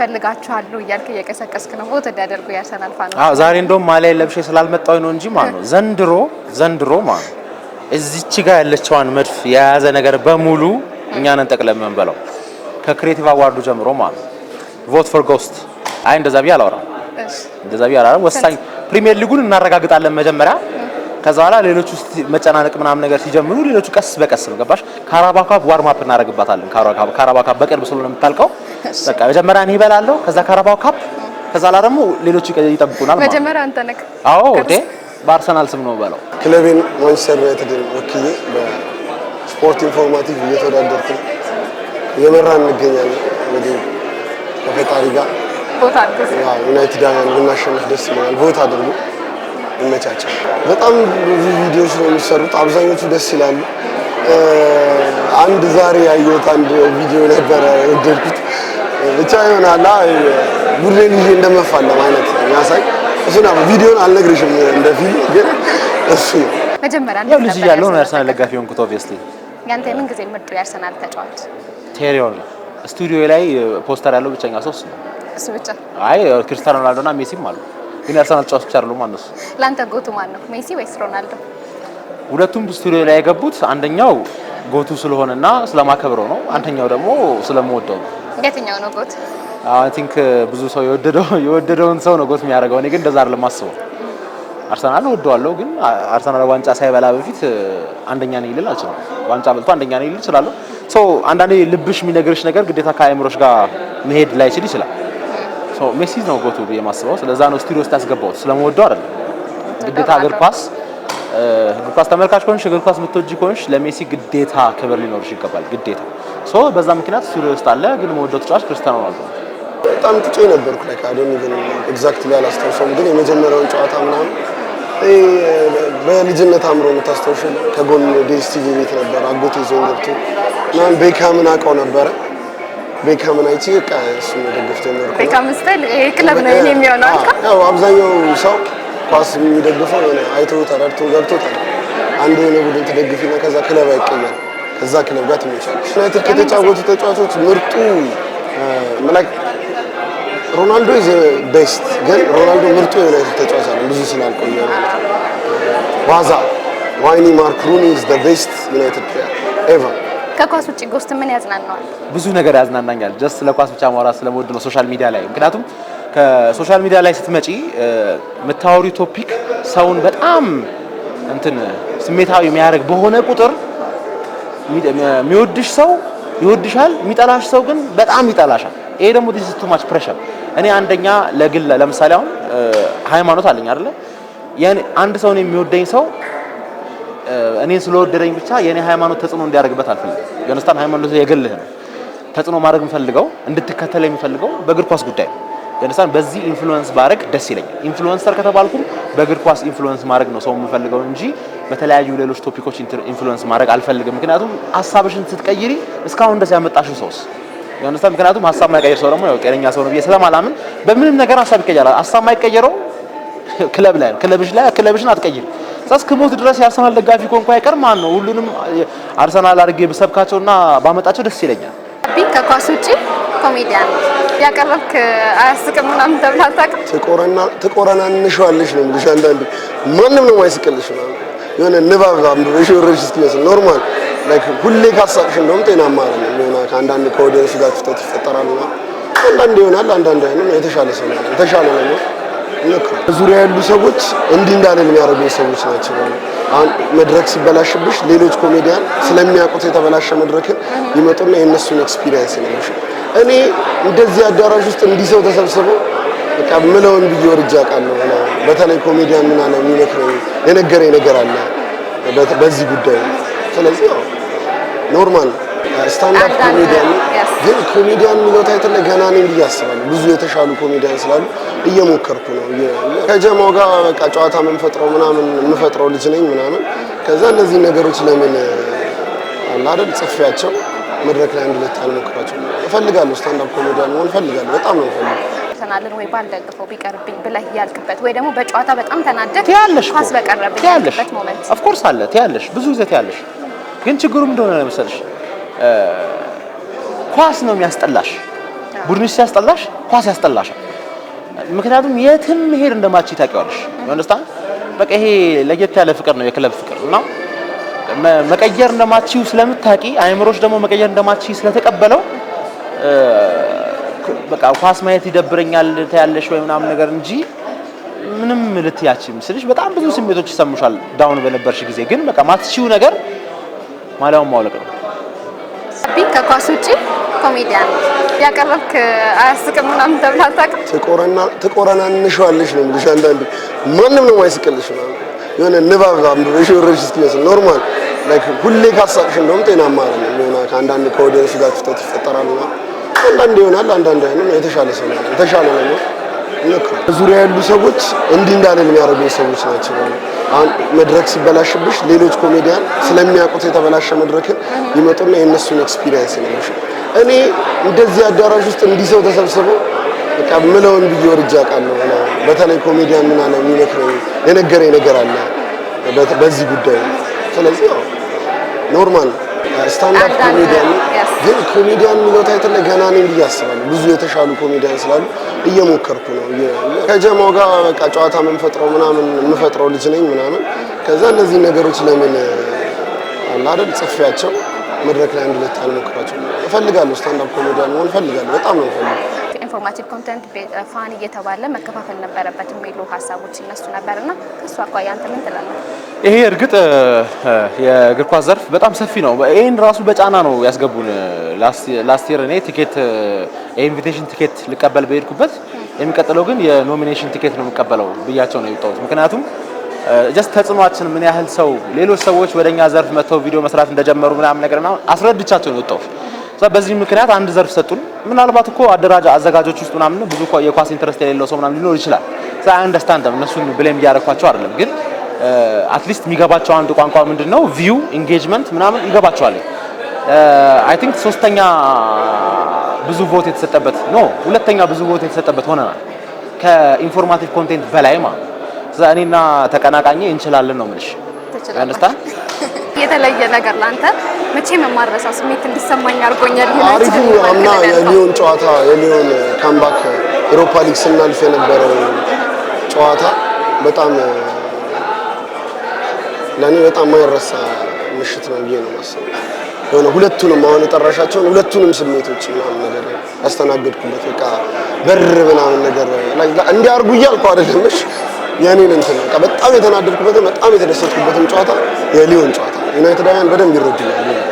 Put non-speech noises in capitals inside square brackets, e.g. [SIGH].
ፈልጋችኋለሁ እያልክ እየቀሰቀስክ ነው። ቦት እንዲያደርጉ የአርሰናል ፋኖች አዎ፣ ዛሬ እንደውም ማሊያ ለብሼ ስላልመጣሁ ነው እንጂ ማለት ነው። ዘንድሮ ዘንድሮ ማለት እዚች ጋር ያለችዋን መድፍ የያዘ ነገር በሙሉ እኛንን ነን በለው ከክሬቲቭ አዋርዱ ጀምሮ ማለት ነው። ቮት ፎር ጎስት። አይ እንደዛ ብዬ አላወራም፣ እንደዛ ብዬ አላወራም። ወሳኝ ፕሪሚየር ሊጉን እናረጋግጣለን መጀመሪያ። ከዛ በኋላ ሌሎቹ መጨናነቅ ምናምን ነገር ሲጀምሩ ሌሎቹ ቀስ በቀስ ነው። ገባሽ? ካራባካፕ ዋርማፕ እናረግባታለን። ካራባካፕ በቅርብ ስለሆነ የምታልቀው በቃ መጀመሪያ እኔ እበላለሁ፣ ከዛ ካራባው ካፕ፣ ከዛ ላ ደግሞ ሌሎቹ ይጠብቁናል። መጀመሪያ አንተ ነክ። አዎ እንዴ በአርሰናል ስም ነው በለው። ክለቤን ማንቸስተር ዩናይትድን ወክዬ በስፖርት ኢንፎርማቲቭ እየተወዳደርኩ እየመራን እንገኛለን። እንግዲህ ከፈጣሪ ጋር ዩናይትዳውያን ብናሸንፍ ደስ ይለናል። ቦታ አድርጉ። ይመቻቸው። በጣም ብዙ ቪዲዮዎች ነው የሚሰሩት፣ አብዛኞቹ ደስ ይላሉ። አንድ ዛሬ ያየሁት አንድ ቪዲዮ ነበረ የወደድኩት ብቻ ይሆናላ ቡድን ይዤ እንደመፋለም አይነት የሚያሳይ እሱ ነው። ቪዲዮን አልነግርሽም እንደ ፊልም ግን እሱ ነው። መጀመሪያ ያው ልጅ እያለሁ ነው የአርሰናል ደጋፊ ሆንኩት። ኦብቪየስሊ ያንተ የምን ጊዜ ምርጡ የአርሰናል ተጫዋች ቴሪ ኦንሪ። ስቱዲዮ ላይ ፖስተር ያለው ብቸኛ ሰው እሱ ነው። እሱ ብቻ አይ ክርስቲያኖ ሮናልዶና ሜሲም አሉ፣ ግን የአርሰናል ተጫዋች ብቻ አይደሉም። ማነሱ ለአንተ ጎቱ ማን ነው? ሜሲ ወይስ ሮናልዶ? ሁለቱም ስቱዲዮ ላይ የገቡት አንደኛው ጎቱ ስለሆነና ስለማከብረው ነው፣ አንደኛው ደግሞ ስለምወደው ነው። የትኛው ነው ጎት? አይ ቲንክ ብዙ ሰው የወደደው [LAUGHS] የወደደውን ሰው ነው ጎት የሚያደርገው። እኔ ግን እንደዛ አይደለም ማስበው። አርሰናል እወደዋለሁ፣ ግን አርሰናል ዋንጫ ሳይበላ በፊት አንደኛ ነኝ ልል አልችልም። ዋንጫ በልቶ አንደኛ ነኝ ልል እችላለሁ። ሶ አንዳንዴ ልብሽ የሚነግርሽ ነገር ግዴታ ከአእምሮሽ ጋር መሄድ ላይችል ይችላል። ሶ ሜሲ ነው ጎቱ ብዬ የማስበው። ስለዛ ነው ስቱዲዮ ውስጥ ያስገባሁት። ስለምወደው አይደለም ግዴታ እግር ኳስ እግር ኳስ ተመልካች ከሆንሽ እግር ኳስ የምትወጂ ከሆንሽ ለሜሲ ግዴታ ክብር ሊኖርሽ ይገባል። ግዴታ ሶ በዛ ምክንያት ሱሪ ውስጥ አለ። ግን መወደው ተጫዋች ክርስቲያኖ ሮናልዶ ነው። በጣም ጥጬ ነበርኩ ላይ ካዶኒ ግን ኤግዛክት ላይ አላስታውሰውም። ግን የመጀመሪያውን ጨዋታ ምናምን በልጅነት አእምሮ የምታስታውሽ ከጎን ዲስቲቪ ቤት ነበር አጎት ይዞኝ ገብቶ ምናምን ቤካምን አውቀው ነበረ። ቤካምን አይቼ በቃ እሱ መደገፍ ጀመርኩ። ቤካም ስታይል ይሄ ክለብ ነው የኔ የሚሆነው አልካ። አብዛኛው ሰው ኳስ የሚደግፈው አይቶ ተረድቶ ገብቶታል። አንድ የሆነ ቡድን ትደግፊና ከዛ ክለብ አይቀየርም ከዛ ክለብ ጋር ትመቻለች። ዩናይትድ ከተጫወቱ ተጫዋቾች ምርጡ ሮናልዶ ኢዝ ቤስት፣ ግን ሮናልዶ ምርጡ የዩናይትድ ተጫዋች አለ ብዙ ስላልቆየ ዋዛ ዋይኒ ማርክ ሩኒ ኢዝ ዘ ቤስት ዩናይትድ ፕሌየር ኤቨር። ከኳስ ውጭ ጎስት ምን ያዝናናዋል? ብዙ ነገር ያዝናናኛል። ጀስት ስለኳስ ብቻ ማውራት ስለምወድ ነው ሶሻል ሚዲያ ላይ ምክንያቱም ከሶሻል ሚዲያ ላይ ስትመጪ የምታወሪው ቶፒክ ሰውን በጣም እንትን ስሜታዊ የሚያደርግ በሆነ ቁጥር የሚወድሽ ሰው ይወድሻል፣ የሚጠላሽ ሰው ግን በጣም ይጠላሻል። ይሄ ደግሞ ዲስ ኢዝ ቱ ማች ፕሬሸር። እኔ አንደኛ ለግል ለምሳሌ አሁን ሃይማኖት አለኝ አይደለ? አንድ ሰው የሚወደኝ ሰው እኔን ስለወደደኝ ብቻ የኔ ሃይማኖት ተጽዕኖ እንዲያደርግበት አልፈልግም። የነስታን ሃይማኖት የግልህ ነው። ተጽዕኖ ማድረግ የምፈልገው እንድትከተል የሚፈልገው በእግር ኳስ ጉዳይ ነው። የነስታን በዚህ ኢንፍሉዌንስ ባረግ ደስ ይለኛል። ኢንፍሉዌንሰር ከተባልኩም በእግር ኳስ ኢንፍሉዌንስ ማድረግ ነው ሰው የምፈልገው እንጂ በተለያዩ ሌሎች ቶፒኮች ኢንፍሉዌንስ ማድረግ አልፈልግም። ምክንያቱም ሀሳብሽን ስትቀይሪ እስካሁን ድረስ ያመጣሽው ሰውስ የሆነስታ ምክንያቱም ሀሳብ ማይቀየር ሰው ደግሞ ጤነኛ ሰው ነው ብዬ ስለማላምን በምንም ነገር ሀሳብ ይቀየራል። ሀሳብ ማይቀየረው ክለብ ላይ ክለብሽ ላይ ክለብሽን አትቀይሪ። እስከ ሞት ድረስ የአርሰናል ደጋፊ ኮንኳ አይቀር ማን ነው ሁሉንም አርሰናል አድርጌ ብሰብካቸውና ባመጣቸው ደስ ይለኛል። ከኳስ ውጪ ኮሜዲያን ያቀረብክ አያስቅም ምናምን ተብላ አታውቅም። ትቆረና ትቆረናንሽዋለሽ ነው የምልሽ። አንዳንዴ ማንም ነው የማይስቅልሽ ነው የሆነ ንባብ አምሮሽ ወረሽ እስኪመስል ኖርማል ላይክ ሁሌ ካሳቅሽ እንደውም ጤናማ ነው የሚሆነው። ከአንዳንድ ከወዲንሱ ጋር ክፍተት ይፈጠራል እና አንዳንድ ይሆናል አንዳንድ አይሆንም። የተሻለ ሰው ነው የተሻለ ነው። ነው ዙሪያ ያሉ ሰዎች እንዲህ እንዳለን የሚያደርጉኝ ሰዎች ናቸው። አሁን መድረክ ሲበላሽብሽ ሌሎች ኮሜዲያን ስለሚያውቁት የተበላሸ መድረክን ይመጡና የእነሱን ኤክስፒሪየንስ ነው። እኔ እንደዚህ አዳራሽ ውስጥ እንዲህ ሰው ተሰብስበው በቃ ምለውን ብዬ ወርጃ ቃለሁ። በተለይ ኮሜዲያን ምና ነው የሚመክረኝ የነገረኝ ነገር አለ በዚህ ጉዳይ። ስለዚህ ኖርማል ስታንዳፕ ኮሜዲያን ግን ኮሜዲያን የሚለው ታይትል ገና ነኝ ብዬ አስባለሁ። ብዙ የተሻሉ ኮሜዲያን ስላሉ እየሞከርኩ ነው። ከጀማው ጋር በቃ ጨዋታ የምንፈጥረው ምናምን የምፈጥረው ልጅ ነኝ ምናምን። ከዛ እነዚህ ነገሮች ለምን አለ አይደል ጽፌያቸው መድረክ ላይ አንድ ሁለት አልሞክራቸው እፈልጋለሁ። ስታንዳፕ ኮሜዲያን መሆን እፈልጋለሁ። በጣም ነው እፈልጋለሁ። አርሰናልን ወይ ባልደግፈው ቢቀርብኝ ብለህ ያልክበት ወይ ደግሞ በጨዋታ በጣም ተናደህ ትያለሽ፣ ኳስ በቀረብኝ ያልክበት ሞመንት ኦፍ ኮርስ አለ። ትያለሽ፣ ብዙ ጊዜ ትያለሽ። ግን ችግሩም እንደሆነ ነው መሰለሽ ኳስ ነው የሚያስጠላሽ። ቡድንሽ ሲያስጠላሽ ኳስ ያስጠላሻል። ምክንያቱም የትም መሄድ እንደማቺ ታውቂዋለሽ። ዩንደርስታንድ በቃ ይሄ ለየት ያለ ፍቅር ነው የክለብ ፍቅር እና መቀየር እንደማችው ስለምታውቂ አይምሮሽ ደግሞ መቀየር እንደማችው ስለተቀበለው በቃ ኳስ ማየት ይደብረኛል ታያለሽ ወይ ምናምን ነገር እንጂ ምንም ልትያችም ስልሽ በጣም ብዙ ስሜቶች ይሰሙሻል። ዳውን በነበርሽ ጊዜ ግን በቃ ማትሽው ነገር ማሊያውን ማውለቅ ነው። ከኳስ ውጪ ኮሜዲያን ያቀረብክ አያስቅም ምናምን ተብላ አታውቅም። ትቆረና ትቆረናንሸዋለሽ ነው የምልሽ። አንዳንዴ ማንም ነው የማይስቅልሽ ማለት የሆነ ንባብ አንብበሽ ወረድሽ እስኪመስል ኖርማል ላይክ ሁሌ ካሳቅሽ እንደውም ጤናማ ነው የሚሆነው። ከአንዳንድ ከኦዲየንስ ጋር ክፍተት ይፈጠራል ምናምን አንዳንድ ይሆናል፣ አንዳንድ አይሆንም። የተሻለ ሰው የተሻለ ነው። ዙሪያ ያሉ ሰዎች እንዲህ እንዳለን የሚያደርጉኝ ሰዎች ናቸው። አሁን መድረክ ሲበላሽብሽ ሌሎች ኮሜዲያን ስለሚያውቁት የተበላሸ መድረክን ይመጡና የእነሱን ኤክስፒሪየንስ ነው። እኔ እንደዚህ አዳራሽ ውስጥ እንዲህ ሰው ተሰብስበው በቃ ምለውን ብዬ ወርጄ አውቃለሁ። በተለይ ኮሜዲያን ምን አለ የሚመክረኝ የነገረኝ ነገር አለ በዚህ ጉዳይ። ስለዚህ ኖርማል ስታንዳፕ ኮሜዲያን ኮሜዲያን የሚለው ታይትል ገና ነኝ ብዬ አስባለሁ። ብዙ የተሻሉ ኮሜዲያን ስላሉ እየሞከርኩ ነው። ከጀማው ጋር በቃ ጨዋታ የምንፈጥረው ምናምን የምፈጥረው ልጅ ነኝ ምናምን። ከዛ እነዚህ ነገሮች ለምን አለ አይደል ጽፌያቸው መድረክ ላይ አንድ ሁለት አልሞክራቸው እፈልጋለሁ። ስታንዳፕ ኮሜዲያን መሆን እፈልጋለሁ። በጣም ነው እፈልጋለሁ። ኢንፎርማቲቭ ኮንተንት ፋን እየተባለ መከፋፈል ነበረበት የሚሉ ሀሳቦች ይነሱ ነበር እና ከሱ አኳያ አንተ ምን ትላለህ? ይሄ እርግጥ የእግር ኳስ ዘርፍ በጣም ሰፊ ነው። ይህን ራሱ በጫና ነው ያስገቡን። ላስት የር እኔ ቲኬት የኢንቪቴሽን ቲኬት ልቀበል በሄድኩበት የሚቀጥለው ግን የኖሚኔሽን ቲኬት ነው የሚቀበለው ብያቸው ነው የወጣሁት። ምክንያቱም ጀስት ተጽዕኖአችን ምን ያህል ሰው ሌሎች ሰዎች ወደኛ ዘርፍ መጥተው ቪዲዮ መስራት እንደጀመሩ ምናምን ነገር አስረድቻቸው ነው የወጣሁት። በዚህ ምክንያት አንድ ዘርፍ ሰጡን። ምናልባት እኮ አደራጃ አዘጋጆች ውስጥ ምናምን ብዙ የኳስ ኢንተረስት የሌለው ሰው ምናምን ሊኖር ይችላል። አንደርስታንድ እነሱን ብሌም እያደረኳቸው አይደለም፣ ግን አትሊስት የሚገባቸው አንድ ቋንቋ ምንድን ነው ቪው ኢንጌጅመንት ምናምን ይገባቸዋል። አይ ቲንክ ሶስተኛ ብዙ ቮት የተሰጠበት ኖ ሁለተኛ ብዙ ቮት የተሰጠበት ሆነናል። ከኢንፎርማቲቭ ኮንቴንት በላይ ማለት ነው። እኔና ተቀናቃኝ እንችላለን ነው የምልሽ። አንደርስታንድ [LAUGHS] የተለየ ነገር ላንተ መቼም የማረሳው ስሜት እንዲሰማኝ አድርጎኛል። አሪፉ አምና የሊዮን ጨዋታ የሊዮን ካምባክ ኤሮፓ ሊግ ስናልፍ የነበረው ጨዋታ በጣም ለእኔ በጣም ማይረሳ ምሽት ነው ብዬ ነው ማሰብ የሆነ ሁለቱንም አሁን የጠራሻቸውን ሁለቱንም ስሜቶች ምናምን ነገር ያስተናገድኩበት በቃ በር ምናምን ነገር እንዲያርጉ እያልኩ አይደለም የእኔን እንትን በቃ በጣም የተናደድኩበትን በጣም የተደሰትኩበትን ጨዋታ የሊዮን ጨዋታ ዩናይትዳውያን በደንብ ይረዱኛል።